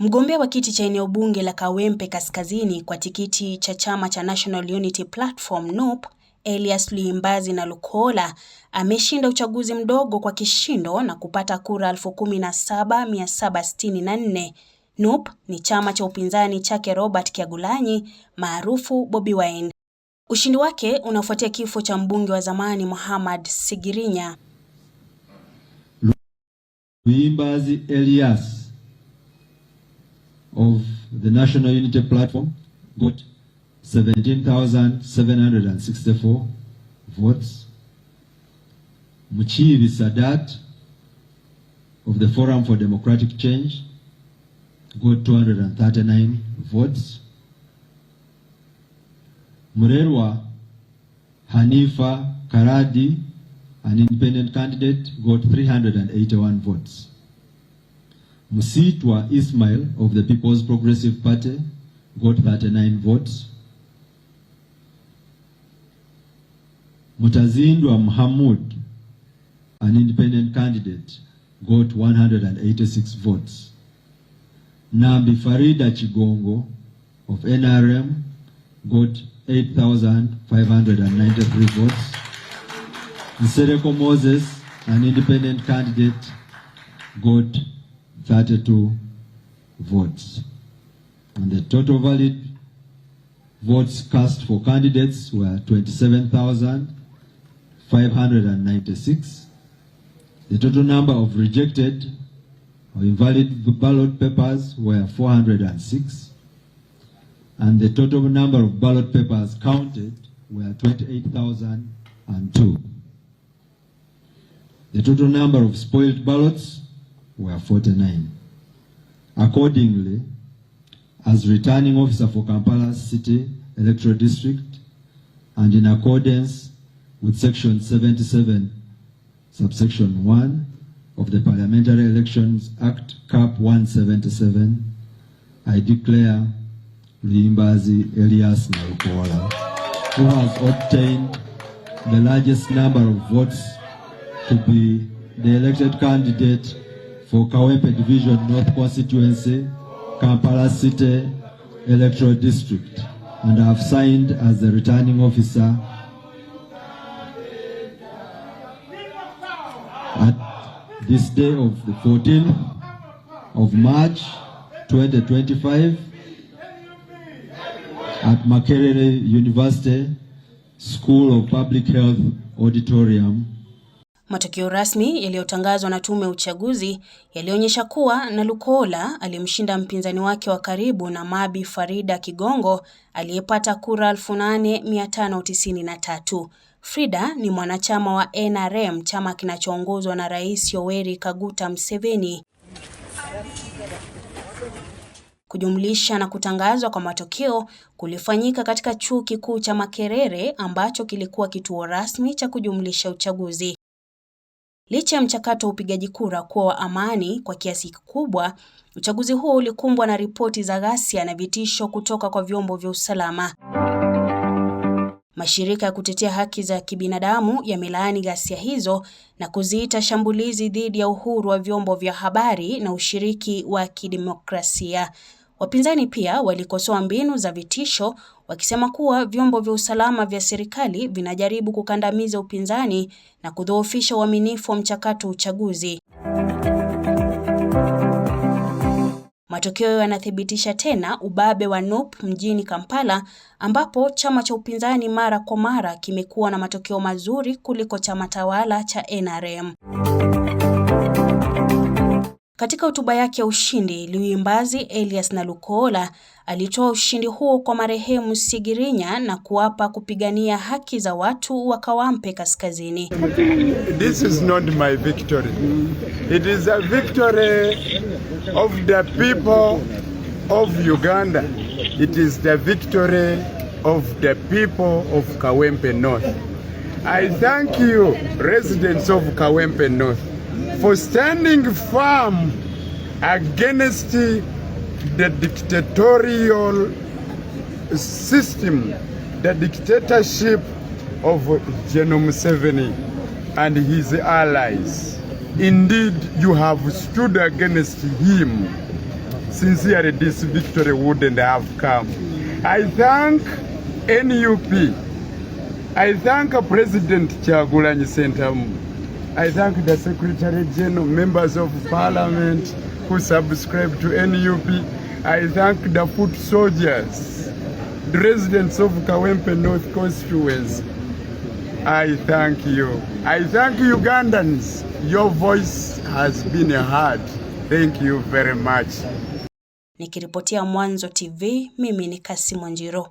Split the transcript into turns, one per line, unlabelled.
Mgombea wa kiti cha eneo bunge la Kawempe Kaskazini kwa tikiti cha chama cha National Unity Platform NUP, Elias Luimbazi Lukola ameshinda uchaguzi mdogo kwa kishindo na kupata kura 17764. NUP ni chama cha upinzani chake Robert Kyagulanyi maarufu Bobi Wine. Ushindi wake unafuatia kifo cha mbunge wa zamani muhammad Sigirinya.
Luimbazi Elias of the National Unity Platform got 17,764 votes. Muchiri Sadat of the Forum for Democratic Change got 239 votes. Murerwa Hanifa Karadi, an independent candidate, got 381 votes. Msitwa Ismail of the People's Progressive Party got 39 votes. Mutazindwa Mohamud, an independent candidate, got 186 votes. Nambi Farida Chigongo of NRM got 8,593 votes. Nsereko Moses, an independent candidate, got 32 votes. And the total valid votes cast for candidates were 27,596. The total number of rejected or invalid ballot papers were 406. And the total number of ballot papers counted were 28,002. The total number of spoiled ballots were 49. Accordingly, as returning officer for Kampala City Electoral District and in accordance with section 77 subsection 1 of the Parliamentary Elections Act CAP 177, I declare Liimbazi Elias Narukola, who has obtained the largest number of votes to be the elected candidate for Kawepe Division North Constituency, Kampala City Electoral District, and I have signed as the returning officer at this day of the 14th of March 2025 at Makerere University School of Public Health Auditorium
Matokeo rasmi yaliyotangazwa na tume ya uchaguzi yalionyesha kuwa Nalukoola alimshinda mpinzani wake wa karibu na mabi Farida Kigongo aliyepata kura 8593. Frida ni mwanachama wa NRM, chama kinachoongozwa na Rais Yoweri Kaguta Museveni. Kujumlisha na kutangazwa kwa matokeo kulifanyika katika Chuo Kikuu cha Makerere ambacho kilikuwa kituo rasmi cha kujumlisha uchaguzi. Licha ya mchakato wa upigaji kura kuwa wa amani kwa kiasi kikubwa, uchaguzi huo ulikumbwa na ripoti za ghasia na vitisho kutoka kwa vyombo vya usalama. Mashirika ya kutetea haki za kibinadamu yamelaani ghasia hizo na kuziita shambulizi dhidi ya uhuru wa vyombo vya habari na ushiriki wa kidemokrasia. Wapinzani pia walikosoa mbinu za vitisho wakisema kuwa vyombo vya usalama vya serikali vinajaribu kukandamiza upinzani na kudhoofisha uaminifu wa mchakato wa uchaguzi. Matokeo yanathibitisha tena ubabe wa NUP mjini Kampala ambapo chama cha upinzani mara kwa mara kimekuwa na matokeo mazuri kuliko chama tawala cha NRM. Katika hotuba yake ya ushindi, Luyimbazi Elias Nalukoola alitoa ushindi huo kwa marehemu Sigirinya na kuapa kupigania haki za watu wa Kawampe Kaskazini.
This is not my victory. It is a victory of the people of Uganda. It is the victory of the people of Kawempe North. I thank you, residents of Kawempe North for standing firm against the dictatorial system, the dictatorship of General Museveni and his allies. Indeed, you have stood against him. Sincerely, this victory wouldn't have come. I thank NUP. I thank President Kyagulanyi Sentamu I thank the Secretary General, members of parliament who subscribe to NUP. I thank the foot soldiers, the residents of Kawempe North constituency. I thank you. I thank Ugandans. Your voice has been heard. Thank you very much. Nikiripotia Mwanzo TV, mimi ni Kassim Njiro.